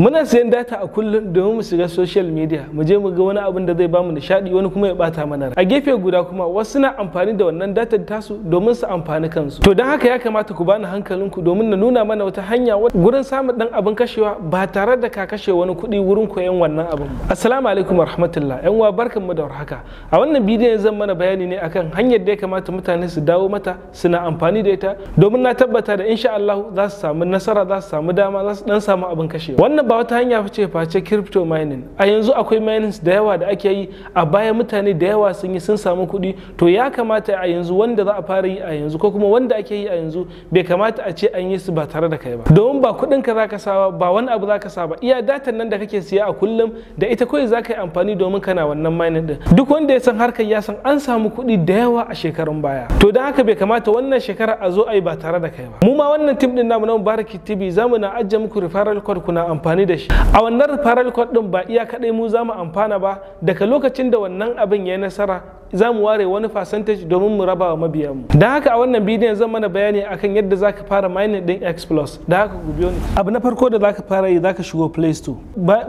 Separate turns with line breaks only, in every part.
muna sayan data a kullum domin mu shiga social media mu je mu ga wani abin da zai ba mu nishadi wani kuma ya bata mana a gefe guda kuma wasu na amfani da wannan data tasu domin su amfani kansu to don haka ya kamata ku bani hankalinku domin na nuna mana wata hanya gurin samun dan abin kashewa ba tare da ka kashe wani kuɗi wurin koyan wannan abin ba assalamu alaikum warahmatullah yan uwa mu da warhaka a wannan bidiyon zan mana bayani ne akan hanyar da ya kamata mutane su dawo mata suna amfani da ita domin na tabbata da insha Allah za su samu nasara za su samu dama za su dan samu abin kashewa wannan ba wata hanya ce face crypto mining a yanzu akwai mining da yawa da ake yi a baya mutane da yawa sun yi sun samu kuɗi to ya kamata a yanzu wanda za a fara yi a yanzu ko kuma wanda ake yi a yanzu bai kamata a ce an yi su ba tare da kai ba domin ba kuɗin ka zaka sa ba wani abu zaka sa ba iya datan nan da kake siya a kullum da ita kawai zaka yi amfani domin kana wannan mining din duk wanda ya san harkar ya san an samu kuɗi da yawa a shekarun baya to don haka bai kamata wannan shekara a zo a yi ba tare da kai ba mu ma wannan tim din namu na Mubaraki TV zamu na ajiye muku referral code kuna amfani amfani da shi a wannan referral code din ba iya kadai mu zamu amfana ba daga lokacin da wannan abin ya nasara zamu ware wani percentage domin mu raba wa mabiyan mu don haka a wannan bidiyon zan mana bayani akan yadda zaka ka fara mining din x plus da haka ku biyo ni abu na farko da zaka fara yi zaka ka shigo play store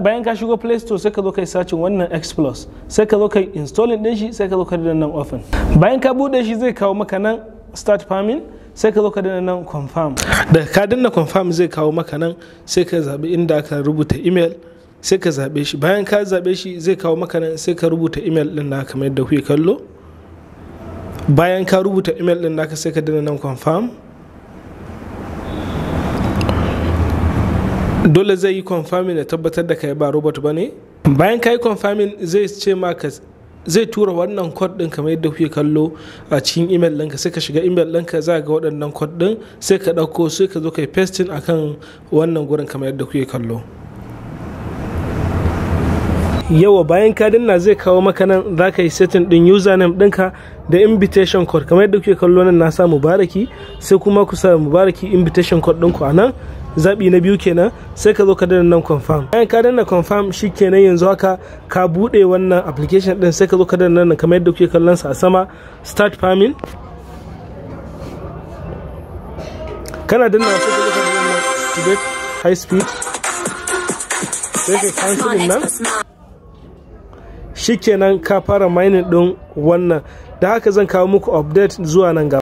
bayan ka shigo play store sai ka zo kai sacin wannan x plus sai ka zo kai installing din shi sai ka zo ka nan open bayan ka bude shi zai kawo maka nan start farming sai ka zo ka dinna nan confirm da ka dinna confirm zai kawo maka nan sai ka zaɓi inda ka rubuta email sai ka zaɓe shi bayan ka zaɓe shi zai kawo maka nan sai ka rubuta email ɗin naka kamar yadda kuke kallo bayan ka rubuta email ɗin naka sai ka dinna nan confirm dole zai yi confirming da tabbatar da kai ba robot ba ne bayan ka yi confirming zai ce maka zai tura wannan kod ɗin kamar yadda kuke kallo a cikin email ɗinka sai ka shiga email ɗinka za ga waɗannan kod ɗin sai ka ɗauko sai ka zo ka yi pasting kan wannan gurin kamar yadda kuke kallo yawa bayan ka dinna zai kawo maka nan za ka yi setting ɗin username ɗinka da invitation code kamar yadda kuke kallo nan na sa mubaraki sai kuma ku sa mubaraki invitation code ɗinku a nan zaɓi na biyu kenan sai ka zo ka danna nan confirm bayan ka danna confirm kenan yanzu haka ka buɗe wannan application ɗin sai ka zo ka danna nan kamar yadda kuke kallon sa a sama start farming kana danna sai ka zo ka danna get high speed sai ka din nan shikenan ka fara mining ɗin wannan da haka zan kawo muku update zuwa nan gaba